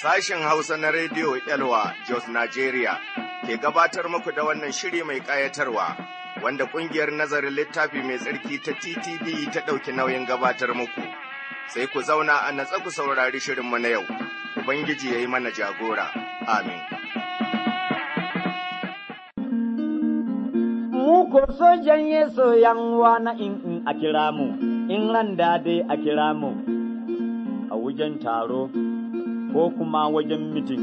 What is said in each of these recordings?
Sashen Hausa na Rediyo Elwa Jos Nigeria ke gabatar muku da wannan shiri mai ƙayatarwa wanda ƙungiyar nazarin littafi mai tsarki ta TTD ta ɗauki nauyin gabatar muku. Sai ku zauna a natsa ku saurari shirinmu na yau, Ubangiji ya yi mana jagora. Amin. Mu ko sojan Yesu yan na in in a kira mu, in ran dai a kira mu, a wujen taro. ko kuma wajen mitin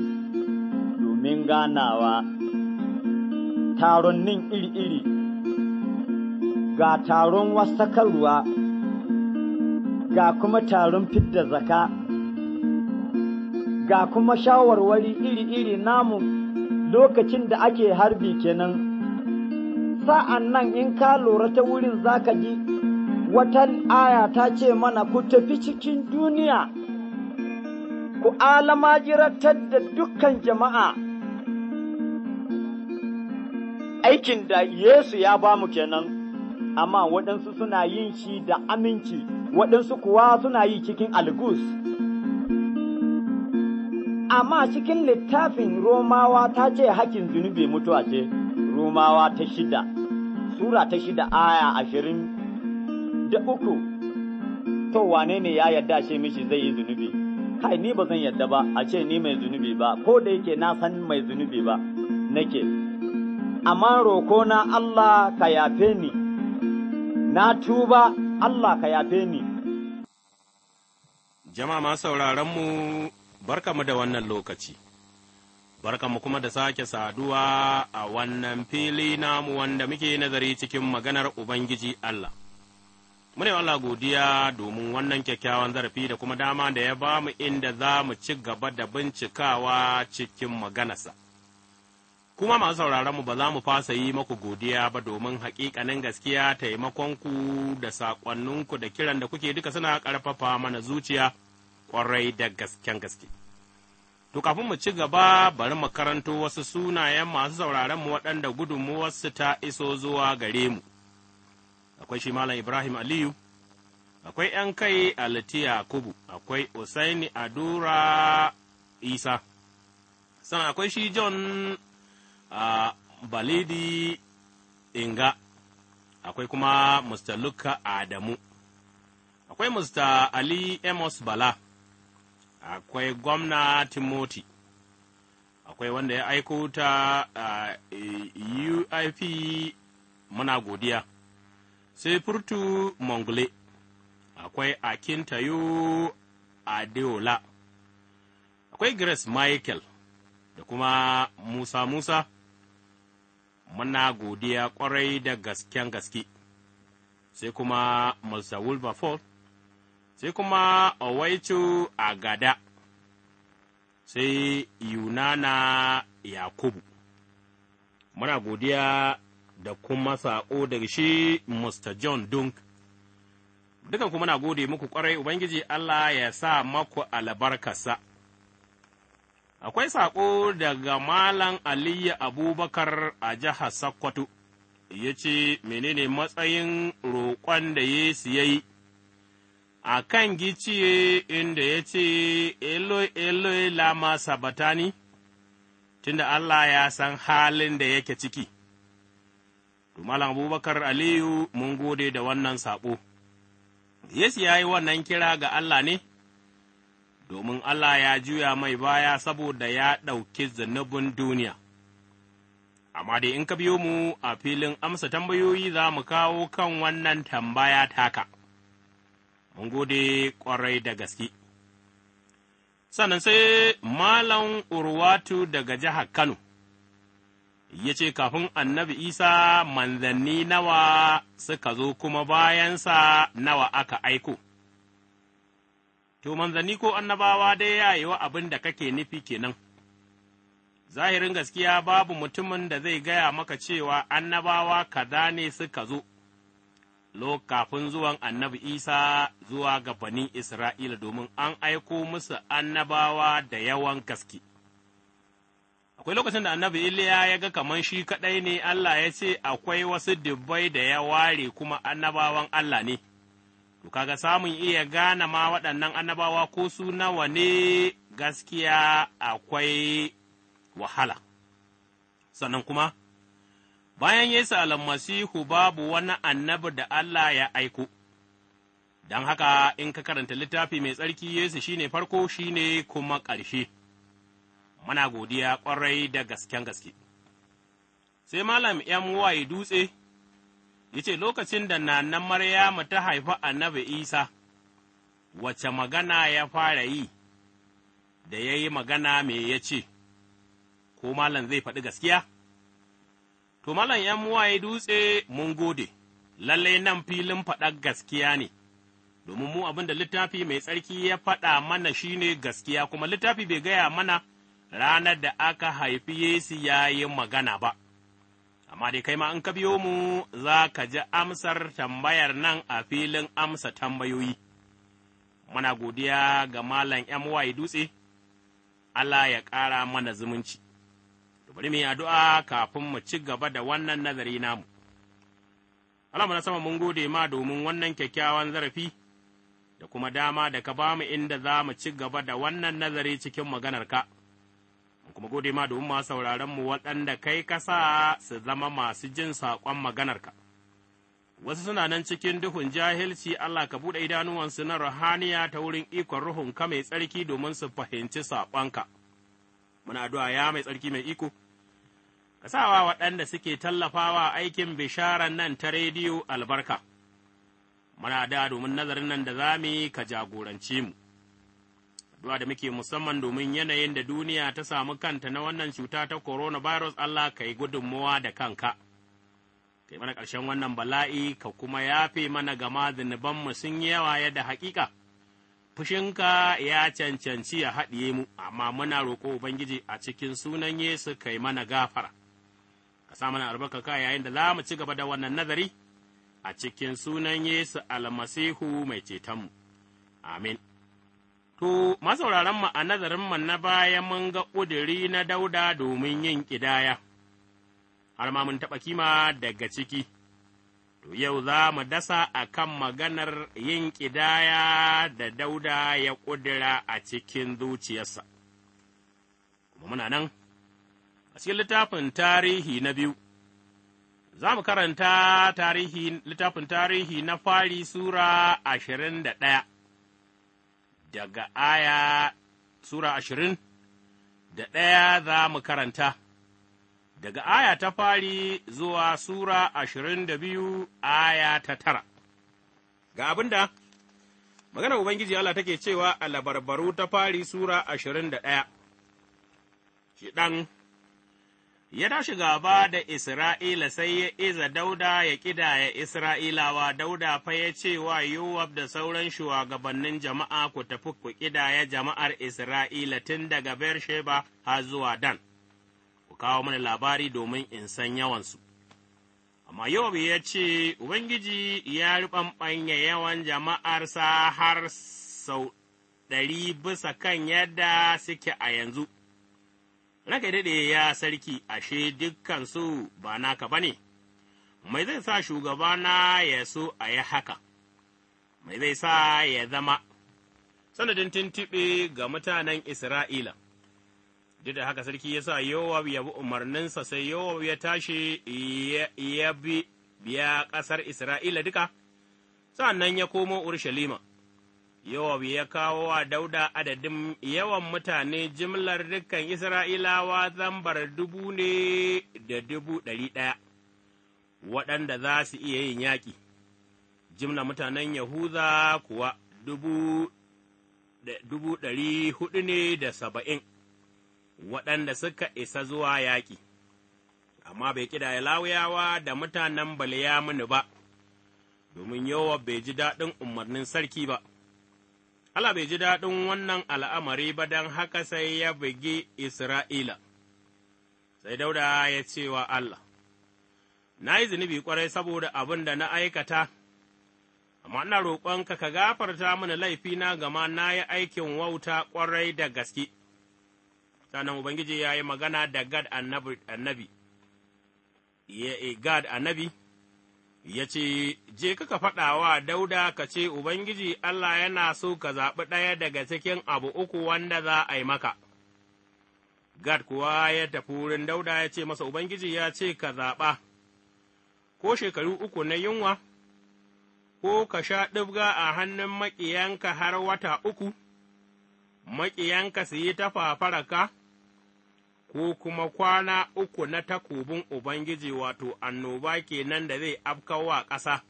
domin ganawa, taronnin iri-iri, ga taron wasakarwa, ga kuma taron fidda zaka, ga kuma shawarwari iri-iri namu lokacin da ake harbi kenan. Sa'an nan in ka lura ta wurin zaka ji wata aya ta ce mana ku tafi cikin duniya. ku alamajiratar da dukkan jama'a aikin da Yesu ya ba mu kenan, amma waɗansu suna yin shi da aminci, waɗansu kuwa suna yi cikin algus. Amma cikin littafin Romawa ta ce hakin zunubi mutuwa ce, Romawa ta shida, Sura ta shida aya ashirin da uku, to wane ne ya yarda shi mishi zai yi zunubi? kai ni ba zan yadda ba a ce ni mai zunubi ba ko da yake na san mai zunubi ba nake amma roko na Allah ka yafe ni na tuba Allah ka yafe ni jama'a ma sauraron mu barkamu da wannan lokaci barkamu kuma da sake saduwa a wannan fili namu wanda muke nazari cikin maganar Ubangiji Allah Mune Allah godiya domin wannan kyakkyawan zarafi da kuma dama da ya ba mu inda za mu ci gaba da bincikawa cikin maganarsa. Kuma masu mu ba za mu fasa yi maku godiya ba domin haƙiƙanin gaskiya taimakonku da saƙonninku da kiran da kuke duka suna ƙarfafa mana zuciya ƙwarai da gasken gaske. To kafin mu ci gaba bari mu karanto wasu sunayen masu sauraronmu waɗanda gudunmuwarsu ta iso zuwa gare mu. akwai shi Malam Ibrahim Aliyu, akwai ’yan kai a Latiya Kubu, akwai Usaini Adura Isa, sannan akwai shi John a Balidi Inga, akwai kuma Mr. Luka Adamu, akwai Mr. Ali Amos Bala, akwai gwamna Timoti. akwai wanda ya aiko ta uh, UIP muna godiya. sai furtu mongole akwai akintayo adeola akwai grace michael da kuma musa musa muna godiya kwarai da gasken gaske sai kuma Mr. Wilberforce, sai kuma Owaitu Agada, sai Yunana Yakubu. Muna godiya da kuma saƙo daga shi Mr. John Dunk. Dukan kuma na gode muku ƙwarai Ubangiji Allah ya sa maku albarkasa. Akwai saƙo daga Malam Aliyu Abubakar a jihar Sokoto, ya ce menene matsayin roƙon da Yesu ya yi. a kan giciye inda ya ce, Eloi, Eloi, lama sabatani, tunda Allah ya san halin da yake ciki. Malam Abubakar Aliyu mun gode da wannan saƙo. Yesu ya yi wannan kira ga Allah ne, domin Allah ya juya mai baya saboda ya ɗauki zunubin duniya. Amma dai in ka biyo mu a filin amsa tambayoyi za mu kawo kan wannan tambaya taka. Mun gode ƙwarai da gaske. Sannan sai Malam Urwatu daga jihar Kano. ya ce kafin annabi Isa manzanni nawa suka zo kuma bayansa nawa aka aiko. To, manzanni ko annabawa dai ya yi wa abin da kake nufi kenan. Zahirin gaskiya babu mutumin da zai gaya maka cewa annabawa kaza ne suka zo, lo kafin zuwan annabi Isa zuwa ga bani Isra'ila domin an aiko musu annabawa da yawan gaske. akwai lokacin da annabi Iliya ya ga kamar shi kaɗai ne Allah ya ce akwai wasu dubbai da ya ware kuma annabawan Allah ne. To kaga samun iya gane ma waɗannan annabawa ko su nawa ne gaskiya akwai wahala. Sannan kuma, bayan Yesu almasihu babu wani annabi da Allah ya aiko. Don haka in ka karanta littafi mai tsarki Yesu shine farko shine kuma ƙarshe. muna godiya ƙwarai da gasken gaske. Sai Malam 'yan waye dutse, ya ce lokacin da nanan Maryamu ta haifi annabi Isa, wace magana ya fara yi, da ya yi magana me ya ce, ko Malam zai faɗi gaskiya? To Malam 'yan waye dutse mun gode, lallai nan filin faɗa gaskiya ne. Domin mu abin da littafi mai tsarki ya faɗa mana shi ne gaskiya, kuma littafi bai gaya mana ranar da aka haifi Yesu ya yi magana ba, amma dai kai ma in ka biyo mu za ka ji amsar tambayar nan a filin amsa tambayoyi. Muna godiya ga Malam MY Dutse, Allah ya ƙara mana zumunci. Bari mu yi addu'a kafin mu ci gaba da wannan nazari namu. Allah na sama mun gode ma domin wannan kyakkyawan zarafi da kuma dama da ka bamu inda za mu ci gaba da wannan nazari cikin maganarka. ka. kuma gode ma domin masu mu waɗanda kai kasa su zama masu jin saƙon maganarka. Wasu suna nan cikin duhun jahilci Allah ka buɗe idanuwansu na ruhaniya ta wurin ikon ruhun ka mai tsarki domin su fahimci saƙonka. Muna addu'a ya mai tsarki mai iko. Ka sawa waɗanda suke tallafawa aikin bisharar nan ta rediyo albarka. Muna da domin nazarin nan da za mu yi ka jagoranci mu. addu'a da muke musamman domin yanayin da duniya ta samu kanta na wannan cuta ta coronavirus Allah ka yi gudunmowa da kanka. Kai mana ƙarshen wannan bala'i ka kuma yafe mana gama zunubanmu sun yi yawa yadda haƙiƙa. Fushinka ya cancanci ya haɗiye mu, amma muna roƙo Ubangiji a cikin sunan Yesu kai mana gafara. Ka sa mana albarka ka yayin da za mu ci gaba da wannan nazari a cikin sunan Yesu almasihu mai cetonmu. Amin. To, masauraranmu a nazarinmu na baya mun ga ƙudiri na dauda domin yin ƙidaya, har ma mun taɓa kima daga ciki, to yau za mu dasa a kan maganar yin ƙidaya da dauda ya ƙudira a cikin zuciyarsa. Kuma muna nan, a cikin littafin tarihi na biyu, za mu karanta littafin tarihi na fari Sura ashirin da ɗaya. daga aya Sura ashirin da ɗaya za mu karanta, daga aya ta fari zuwa Sura ashirin da biyu aya ta tara. Ga abin da, maganar Ubangiji Allah take cewa a labarbaru ta fari Sura ashirin da ɗaya, shi ɗan ya tashi gaba da Isra'ila sai ya iza dauda ya ƙidaya Isra'ilawa, dauda fa ya ce wa Yowab da sauran shugabannin jama'a ku tafi ku ƙidaya jama'ar Isra'ila tun daga Beersheba har zuwa Dan, ku kawo mana labari domin in san yawansu. Amma Yowab ya ce, Ubangiji ya riɓanɓanya yawan jama'arsa har sau ɗari bisa kan yadda suke a yanzu. naka daɗe ya sarki, ashe dukkansu ba naka ba ne, mai zai sa shugaba na ya so a yi haka, mai zai sa ya zama sanadin tuntuɓe ga mutanen Isra'ila. Duk da haka sarki ya sa Yowab ya bi umarninsa sai Yowab ya tashi ya bi biya ƙasar Isra'ila duka, sa'an ya komo Urushalima. Yowab ya kawo wa Dauda adadin yawan mutane jimlar dukkan Isra'ilawa zambar dubu ne da dubu ɗari ɗaya, waɗanda za su iya yin yaƙi, jimla mutanen Yahuza kuwa dubu ɗari huɗu ne da saba'in, waɗanda suka isa zuwa yaƙi, amma bai ƙidaya lawuyawa da mutanen mini ba, domin Yowab bai ji daɗin umarnin sarki ba. Allah bai ji daɗin wannan al'amari ba don haka sai ya bugi Isra'ila, sai dauda ya ce wa Allah, Na yi zunubi kwarai saboda abin da na aikata, amma ina roƙonka ka gafarta mana laifina gama na yi aikin wauta kwarai da gaske. Sannan Ubangiji ya yi magana da Gad annabi, eh, Gad annabi, ya ce, Je kaka faɗa wa dauda ka ce, Ubangiji Allah yana so ka zaɓi ɗaya daga cikin abu uku wanda za a yi maka. Gad kuwa ya tafi wurin dauda ya ce masa, Ubangiji ya ce ka zaɓa, ko shekaru uku na yunwa, ko ka sha ɗibga a hannun maƙiyanka har wata uku, maƙiyanka su yi ta ka? ko kuma kwana uku na takobin Ubangiji wato annoba ke nan da zai afkawa ƙasa.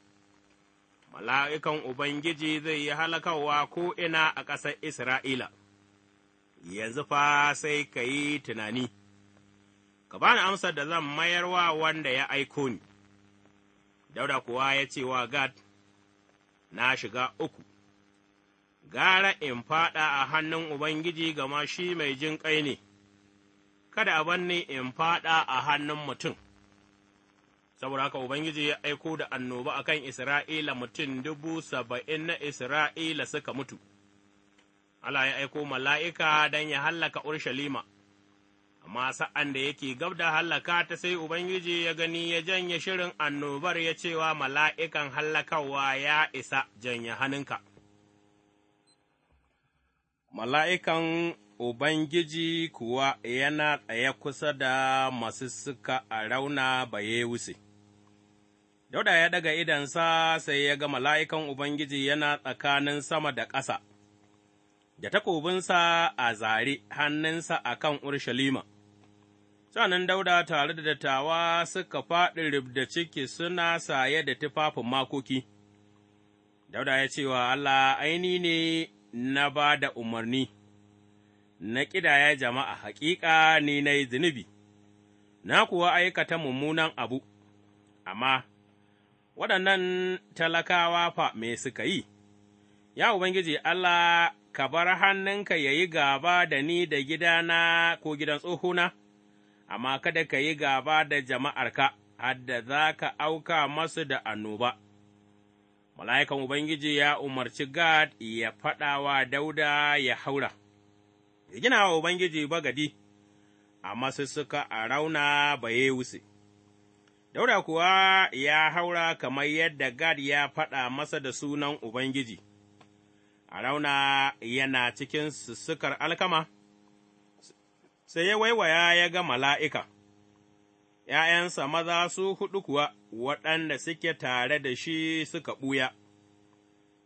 Mala'ikan Ubangiji zai yi halakawa ko'ina a ƙasar Isra'ila, yanzu fa sai ka yi tunani, ka bani amsar da zan mayar wa wanda ya aiko ni, dauda kuwa ya ce wa Gad, na shiga uku, gara in faɗa a hannun Ubangiji gama shi mai jin ne. kada a banni in faɗa a hannun mutum. Saboda haka Ubangiji ya aiko da annoba a kan Isra'ila mutum dubu saba'in na Isra'ila suka mutu, Allah ya aiko mala'ika don ya hallaka Urshalima, amma sa'an da yake gab da hallaka ta sai Ubangiji ya gani ya janye shirin annobar ya cewa mala'ikan hallakawa ya isa janye hannunka. Mala'ikan Ubangiji kuwa yana tsaye kusa da masu suka a rauna baye wuce. Dauda ya daga idansa sai ya ga mala'ikan Ubangiji yana tsakanin sama da ƙasa, da takobinsa a zare hannunsa a kan Urshalima. Sanan Dauda tare da dattawa suka faɗi rubda ciki suna saye da tufafin makoki. Dauda ya ce wa Allah, aini ne na ba da umarni. na ƙidaya jama'a haƙiƙa ne na yi zunubi, na kuwa aikata mummunan abu, amma waɗannan talakawa fa me suka yi, ya Ubangiji Allah ka bar hannunka ya yi gaba da ni da gidana ko gidan tsohona, amma kada ka yi gaba da jama'arka, hadda za ka auka masu da annoba. Mala'ikan Ubangiji ya umarci Gad ya faɗawa Dauda ya haura. ya gina wa Ubangiji bagadi, amma sai suka a rauna baye wuse. Dauda kuwa ya haura kamar yadda Gad ya faɗa masa da sunan Ubangiji, a rauna yana cikin sussukar alkama, sai ya waiwaya ya ga mala'ika. ’ya'yansa maza su huɗu kuwa waɗanda suke tare da shi suka ɓuya,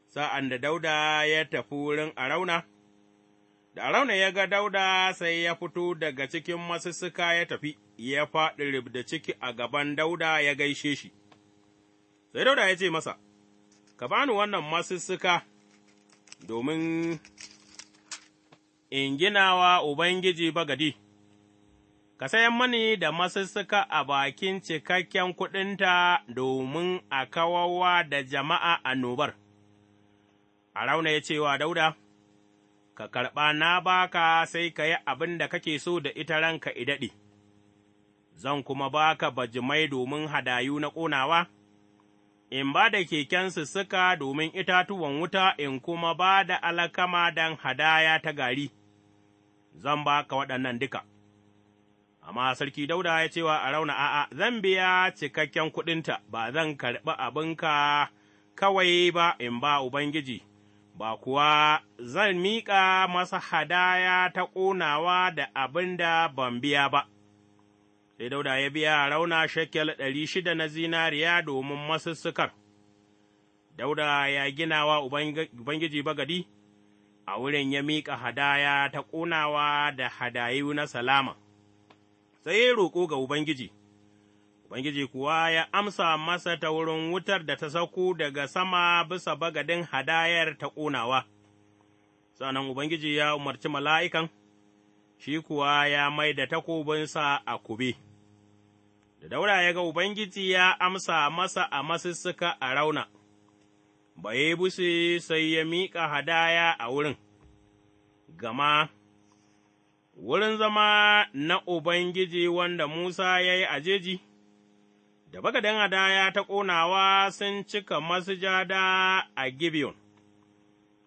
sa'an da Dauda ya tafi wurin Arauna, Da Arauna ya ga Dauda sai ya fito daga cikin masussuka ya tafi, ya faɗi rib ciki a gaban Dauda ya gaishe shi. Sai Dauda ya ce masa, Ka bani wannan masussuka domin in ginawa Ubangiji bagadi, ka sayan mani da masussuka a bakin cikakken kuɗinta domin a kawawa da jama'a annobar. Arauna ya ce wa Dauda, ka karɓa na baka sai ka yi abin da kake so da ita ranka idaɗe, zan kuma baka bajimai domin hadayu na ƙonawa, in ba da keken sussuka domin itatuwan wuta in kuma ba da alakama don hadaya ta gari, zan ba ka waɗannan duka. Amma sarki Dauda ya cewa a rauna a'a, zan biya cikakken kuɗinta, ba zan karɓi abinka kawai ba in ba Ubangiji. ba kuwa zan miƙa masa hadaya ta ƙonawa da abin da ban biya ba. Sai dauda ya biya rauna shekel ɗari shida na zinariya domin masussukar. Dauda ya gina wa Ubangiji bagadi, a wurin ya miƙa hadaya ta ƙonawa da hadayu na salama, sai ya roƙo ga Ubangiji. Ubangiji kuwa ya amsa masa ta wurin wutar da ta sauko daga sama bisa bagadin hadayar ta ƙonawa, sannan Ubangiji ya umarci mala'ikan, shi kuwa ya mai da takobinsa a kube. Da daura ya ga Ubangiji ya amsa masa a masussuka a rauna, bai busi sai ya miƙa hadaya a wurin, gama wurin zama na Ubangiji wanda Musa ya yi ajeji. jeji. da bagaden hadaya ta ƙonawa sun cika masujada a Gibeon.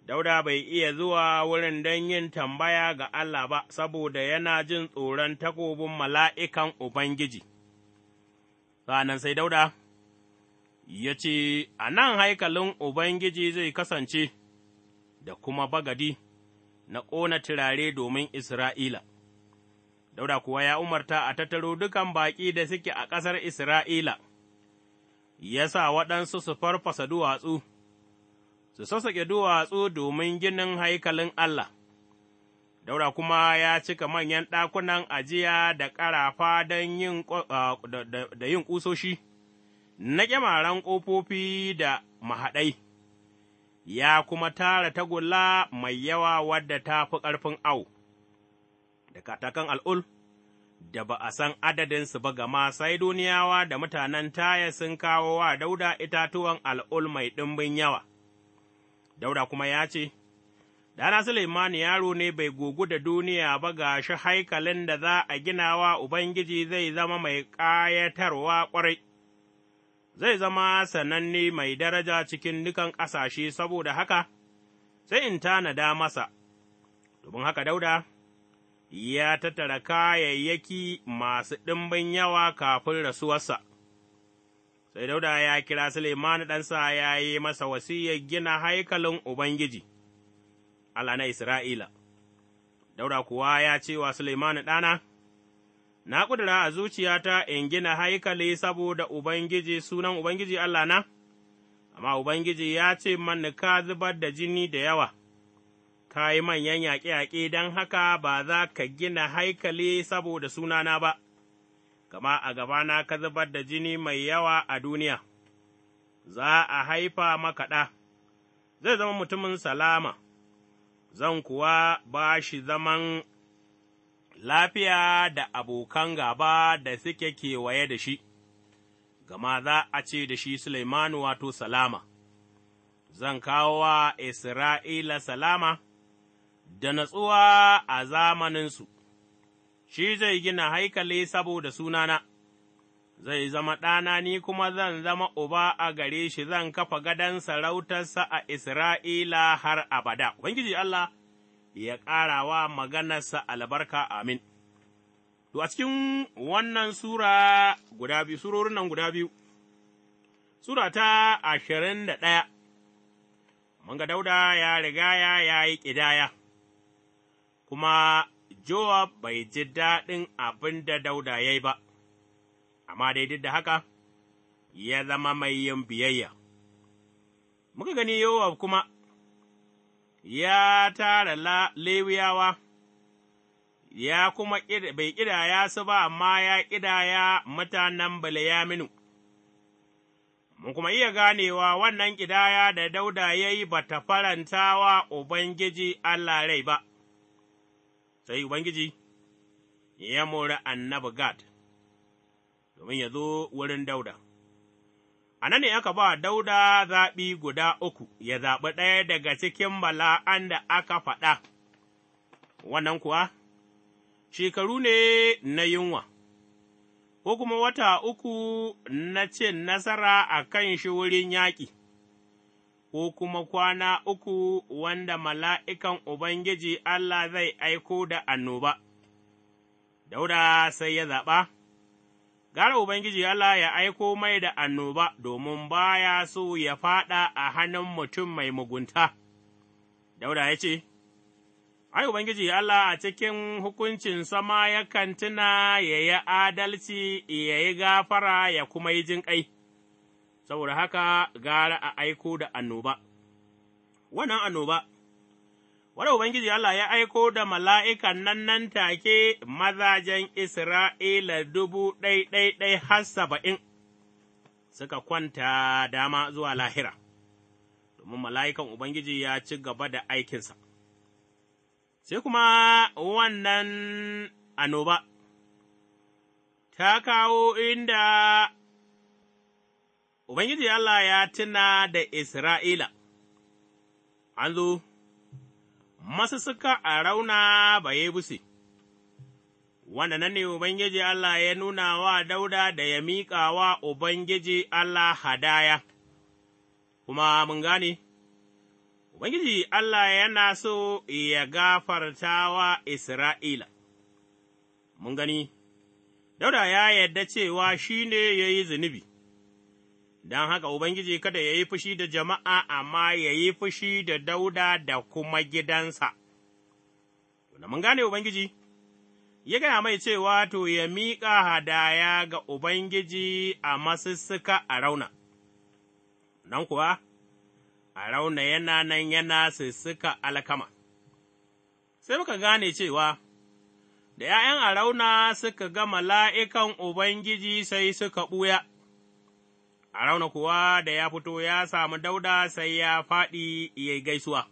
Dauda bai iya zuwa wurin don yin tambaya ga Allah ba, saboda yana jin tsoron takobin mala'ikan Ubangiji. Sa'an sai Dauda ya ce, A nan haikalin Ubangiji zai kasance da kuma bagadi na ƙona turare domin Isra'ila. Dauda kuwa ya umarta a tattaro dukan baƙi da suke a ƙasar Isra'ila, ya sa waɗansu su farfasa duwatsu, su sassaƙe duwatsu domin ginin haikalin Allah. Dauda kuma ya cika manyan ɗakunan ajiya da ƙarafa don yin da yin ƙusoshi, na ƙyamaren ƙofofi da mahaɗai, ya kuma tara tagulla mai yawa wadda ta fi ƙarfin au, da katakan al'ul, da ba a san adadinsu ba gama Saidoniyawa da mutanen Taya sun kawo wa Dauda itatuwan al'ul mai ɗimbin yawa. Dauda kuma ya ce, Dana suleiman yaro ne bai gugu da duniya ba ga shi haikalin da za a gina wa Ubangiji zai zama mai ƙayatarwa ƙwarai, zai zama sananne mai daraja cikin dukan ƙasashe saboda haka, sai in tanada masa, domin haka Dauda. ya tattara kayayyaki masu ɗimbin yawa kafin rasuwarsa. Sai dauda ya kira Suleiman ɗansa ya yi masa wasiyyar gina haikalin Ubangiji, Allah na Isra'ila. Dauda kuwa ya ce wa Suleiman ɗana, Na ƙudura a zuciyata in gina haikali saboda Ubangiji sunan Ubangiji Allah na, amma Ubangiji ya ce mani ka zubar da jini da yawa. ka yi manyan yaƙe-yaƙe don haka ba za ka gina haikali saboda sunana ba, gama a gabana ka zubar da jini mai yawa a duniya, za a haifa makaɗa, zai zama mutumin salama, zan kuwa ba shi zaman lafiya da abokan gaba da suke kewaye da shi, gama za a ce da shi Suleimanu wato salama, zan kawo wa Isra'ila salama. da natsuwa a zamaninsu, shi zai gina haikali saboda sunana, zai zama ɗana ni kuma zan zama uba a gare shi zan kafa gadon sarautarsa a Isra'ila har abada. Ubangiji Allah ya ƙara wa maganarsa albarka amin. To, a cikin wannan Sura guda biyu, surorin nan guda biyu, Sura ta ashirin da ɗaya. Manga Dauda ya rigaya ya yi ƙidaya. kuma Jowab bai ji daɗin abin da Dauda ya yi ba, amma dai duk da haka ya zama mai yin biyayya. Muka gani Yowab kuma ya tara Lewiyawa, ya kuma bai ƙidaya su ba, amma ya ƙidaya mutanen Bilyaminu. Mun kuma iya ganewa wannan ƙidaya da Dauda ya yi ba ta faranta wa Ubangiji Allah rai ba. sai Ubangiji ya mori annabi Gad domin ya zo wurin Dauda. A nan ne aka ba Dauda zaɓi guda uku, ya zaɓi ɗaya daga cikin bala'an da aka faɗa, wannan kuwa shekaru ne na yunwa, ko kuma wata uku na cin nasara a kan shi wurin yaƙi. ko kuma kwana uku wanda mala'ikan Ubangiji Allah zai aiko da annoba. Dauda sai ya zaɓa, gara Ubangiji Allah ya aiko mai da annoba domin baya so ya faɗa a hannun mutum mai mugunta. Dauda ya ce, Ai, Ubangiji Allah a cikin hukuncin sama yakan tuna ya yi adalci, ya yi gafara, ya kuma yi jinƙai. saboda haka gara a aiko da annoba, wannan annoba, wadda Ubangiji Allah ya aiko da mala'ikan nan nan take mazajen Isra'ila dubu ɗai har saba'in suka kwanta dama zuwa lahira, domin mala'ikan Ubangiji ya ci gaba da aikinsa. Sai kuma wannan annoba. ta kawo inda Ubangiji Allah ya tuna da Isra'ila, an zo, suka a rauna busi, wanda nan ne Ubangiji Allah ya nuna wa dauda da ya miƙa wa Ubangiji Allah hadaya, kuma mun gane, Ubangiji Allah yana so ya gafarta wa Isra'ila, mun gani, dauda ya yarda cewa shi ne ya yi zunubi. don haka Ubangiji kada ya yi fushi da jama'a, amma ya yi fushi da dauda da kuma gidansa. Tuna mun gane Ubangiji, ya gaya mai cewa to ya miƙa hadaya ga Ubangiji a masussuka a rauna, nan kuwa, a rauna yana nan yana sussuka alkama. Sai muka gane cewa, da ’ya'yan a rauna suka ga mala'ikan Ubangiji sai suka ɓuya. Arauna kuwa da ya fito ya samu Dauda sai ya faɗi ya gaisuwa.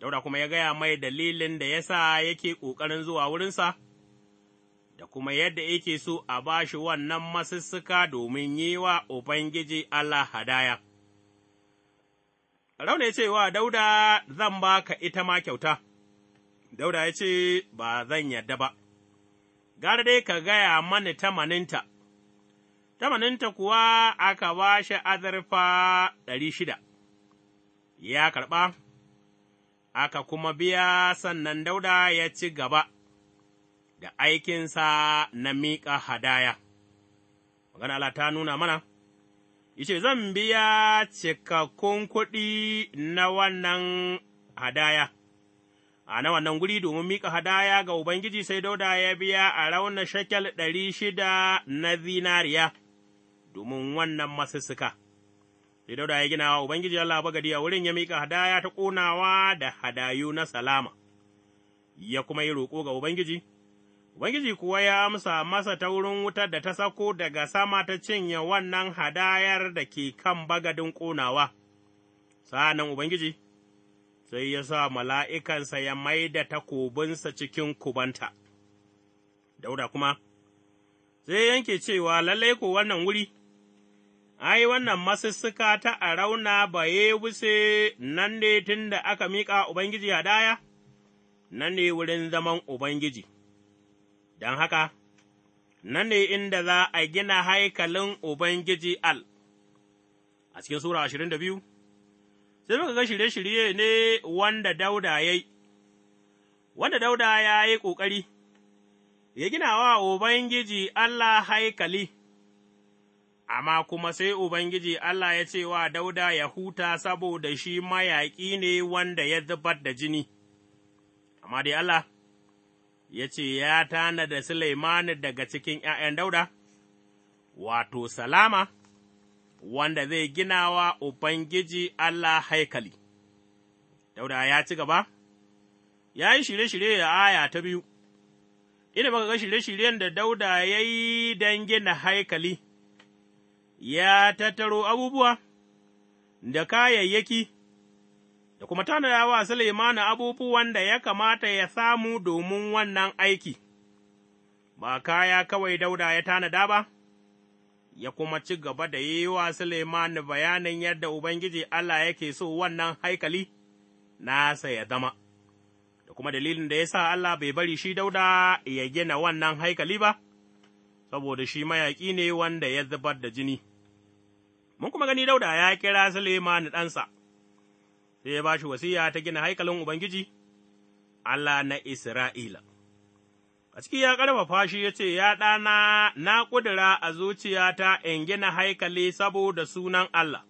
Dauda kuma ya gaya mai dalilin da ya sa yake ƙoƙarin zuwa wurinsa, da kuma yadda yake so a ba shi wannan masussuka domin yi wa Ubangiji Allah hadaya. Arauna ya ce wa Dauda zan ba ka ita ma kyauta, Dauda ya ce ba zan yarda ba, gara dai ka gaya mani tamaninta. tamaninta kuwa aka ba shi azurfa ɗari shida, ya karɓa, aka kuma biya sannan dauda ya ci gaba da aikinsa na miƙa hadaya. Magana Allah ta nuna mana, yace Zan biya cikakkun kuɗi na wannan hadaya. a na wannan guri domin miƙa hadaya ga Ubangiji sai Dauda ya biya a rauna shekel ɗari shida na zinariya, domin wannan masussuka. Sai dauda ya gina wa Ubangiji Allah bagadi a wurin ya miƙa hadaya ta ƙonawa da hadayu na salama, ya kuma yi roƙo ga Ubangiji, Ubangiji kuwa ya amsa masa ta wurin wutar da ta sako daga sama ta cinye wannan hadayar da ke kan bagadin ƙonawa. Sa'an Ubangiji, sai ya sa mala'ikansa ya mai da takobinsa cikin kubanta, Dauda kuma, sai yanke cewa lallai ko wannan wuri ai, wannan masussuka ta a rauna ya wuce nan ne tun da aka miƙa Ubangiji hadaya, nan ne wurin zaman Ubangiji, don haka, nan ne inda za a gina haikalin Ubangiji al, a cikin Sura ashirin da biyu, sai muka ga shirye-shirye ne wanda Dauda ya yi, wanda Dauda ya yi ƙoƙari, ya gina wa Ubangiji Allah haikali. amma kuma sai Ubangiji Allah ya ce wa Dauda ya huta saboda shi mayaƙi ne wanda ya zubar da jini, amma dai Allah ya ce ya tana da Suleimani daga cikin ’ya'yan Dauda, wato salama, wanda zai gina wa Ubangiji Allah haikali. Dauda ya ci gaba, ya yi shirye-shirye da aya ta biyu, ina baka ga shirye-shiryen da Dauda ya yi don gina haikali. ya tattaro abubuwa da kayayyaki, da kuma tanada wa Suleimana abubuwan da ya kamata ya samu domin wannan aiki, ba kaya kawai dauda ya tanada ba, ya kuma ci gaba da yi wa Suleimana bayanin yadda Ubangiji Allah yake so wannan haikali nasa ya zama. Da kuma dalilin da ya sa Allah bai bari shi dauda ya gina wannan haikali ba, saboda shi mayaƙi ne wanda ya zubar da jini. mun kuma gani Dauda ya kira Suleiman ɗansa, sai ya ba shi wasiya ta gina haikalin Ubangiji, Allah na Isra'ila. A ciki ya ƙarfafa shi ya ce, Ya ɗana, na ƙudura a zuciyata in gina haikali saboda sunan Allah.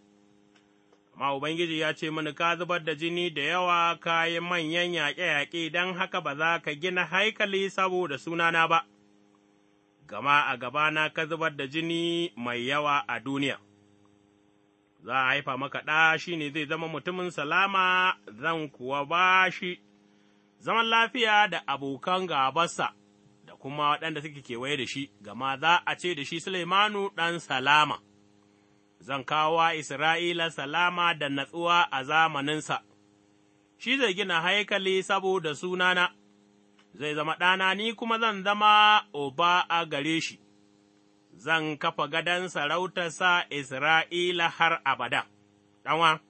Amma Ubangiji ya ce mini, Ka zubar da jini da yawa ka yi manyan yaƙe-yaƙe, don haka ba za ka gina haikali saboda sunana ba, gama a gabana ka zubar da jini mai yawa a duniya. za a haifa maka ɗa shi ne zai zama mutumin salama, zan kuwa ba shi zaman lafiya da abokan gabarsa da kuma waɗanda suke kewaye da shi, gama za a ce da shi Suleimanu ɗan salama. Zan kawo Isra'ila salama da natsuwa a zamaninsa, shi zai gina haikali saboda sunana, zai zama ɗana ni kuma zan zama oba a gare shi. zan kafa gadon sarautarsa Isra'ila har abada. Ɗanwa,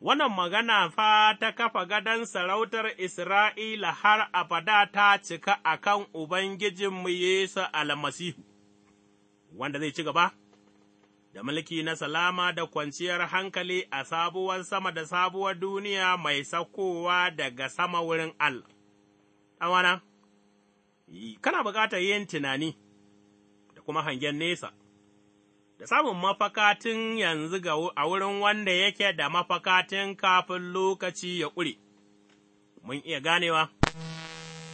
wannan magana fa ta kafa gadon sarautar Isra'ila har abada ta cika a kan Ubangijinmu Yesu almasihu, wanda zai ci gaba, da mulki na salama da kwanciyar hankali a sabuwar sama da sabuwar duniya mai saukowa daga sama wurin Allah. Ɗanwana, kana bukatar yin tunani. kuma hangen nesa, da samun mafakatin yanzu ga a wurin wanda yake da mafakatin kafin lokaci ya ƙure, mun iya ganewa,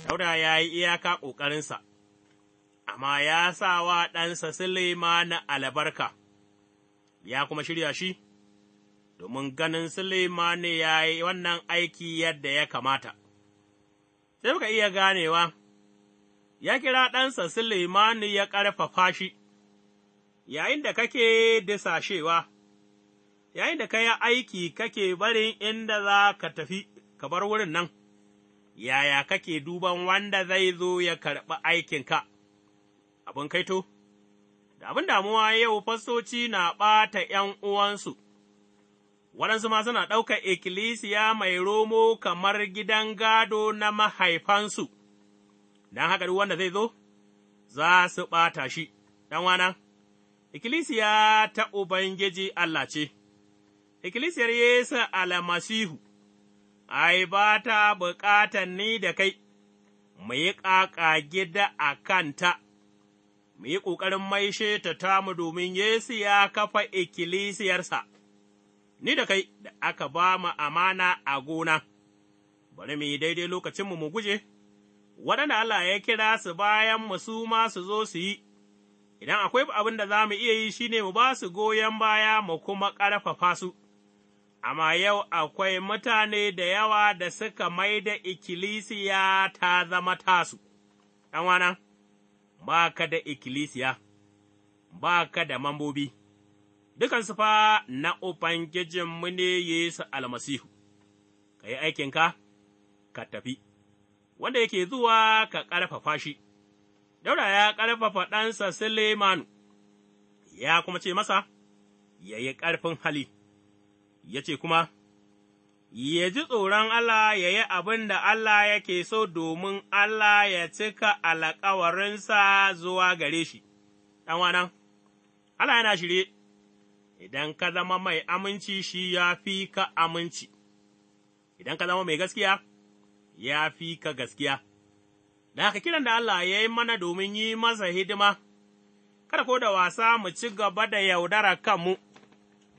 Dauda ya yi iyaka ƙoƙarinsa, amma ya sa wa ɗansa Sulema na albarka, ya kuma shirya shi, domin ganin Sulema ne ya yi wannan aiki yadda ya kamata. Sai muka iya ganewa. ya kira ɗansa Suleimani ya ƙarfafa shi, yayin da kake disashewa, yayin da ka yi aiki kake barin inda za ka tafi, ka bar wurin nan, yaya kake duban wanda zai zo ya karɓi aikinka, abin kaito, da abin damuwa yau fastoci na ɓata ’yan uwansu. Waɗansu ma suna ɗaukar ikkilisiya mai romo kamar gidan gado na mahaifansu. don haka duk wanda zai zo, za su ɓata shi, wana. ikilisiya ta Ubangiji Allah ce, ikkilisiyar Yesu almasihu, ai, ba ta bukatan ni da kai, mu yi ƙaƙa gida a kanta, mu yi ƙoƙarin maishe ta tamu domin Yesu ya kafa ikkilisiyarsa, ni da kai da aka ba mu amana a gona, bari mu yi daidai lokacinmu mu guje. waɗanda Allah ya kira su bayan mu su su zo su yi, idan akwai abin da za mu iya yi shi mu ba su goyon baya mu kuma ƙarfafa su, amma yau akwai mutane da yawa da suka maida da ikkilisiya ta zama tasu, ɗanwana, ba ka da ikkilisiya, ba ka da mambobi, dukansu fa na Ubangijinmu ne Yesu almasihu, ka yi aikinka, ka tafi. wanda yake zuwa ka ƙarfafa shi. Dauda ya ƙarfafa ɗansa Suleimanu, ya kuma ce masa, ya yi ƙarfin hali, ya ce kuma, ya ji tsoron Allah ya yi abin da Allah yake so domin Allah ya cika alkawarinsa zuwa gare shi, ɗanwana, Allah yana shirye, idan ka zama mai aminci shi ya fi ka aminci, idan ka zama mai gaskiya. ya fi ka gaskiya. Da haka kiran da Allah ya yi mana domin yi masa hidima, kada ko da wasa mu ci gaba da yaudara kanmu,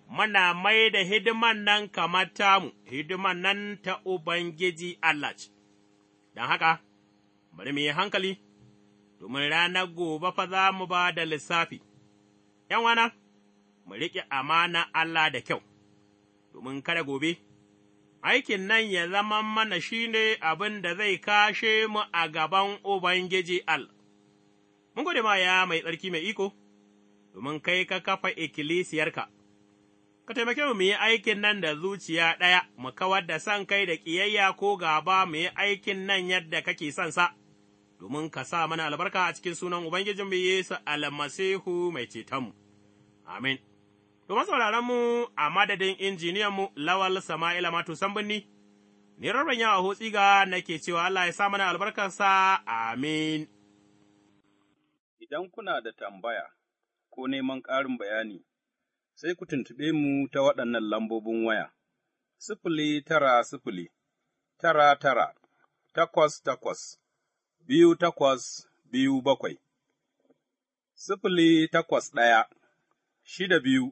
mana mai da hidiman nan kamar tamu, hidiman nan ta Ubangiji Allah ce, don haka, bari mu yi hankali, domin ranar gobe fa za mu ba da lissafi, ’yan wana, mu riƙe amana Allah da kyau, domin kada gobe. aikin nan ya zama mana shi ne abin da zai kashe mu a gaban Ubangiji Al. Mun gode ma ya mai tsarki mai iko, domin kai ka kafa ikkilisiyarka, ka taimake mu yi aikin nan da zuciya ɗaya, mu kawar da son kai da ƙiyayya ko gaba mu yi aikin nan yadda kake son sa, domin ka sa mana albarka a cikin sunan Ubangijinmu Yesu almasihu mai cetonmu. Amin. To, mu a madadin injiniyan mu Lawal Sama'ila Mato Sambunni, ni rarren yawa hotsi ga nake cewa Allah ya sa mana albarkarsa, amin. Idan kuna da tambaya ko neman ƙarin bayani, sai ku tuntuɓe mu ta waɗannan lambobin waya, sifili tara sifili, tara tara, takwas takwas, biyu takwas biyu bakwai, sifili takwas ɗaya, shida biyu.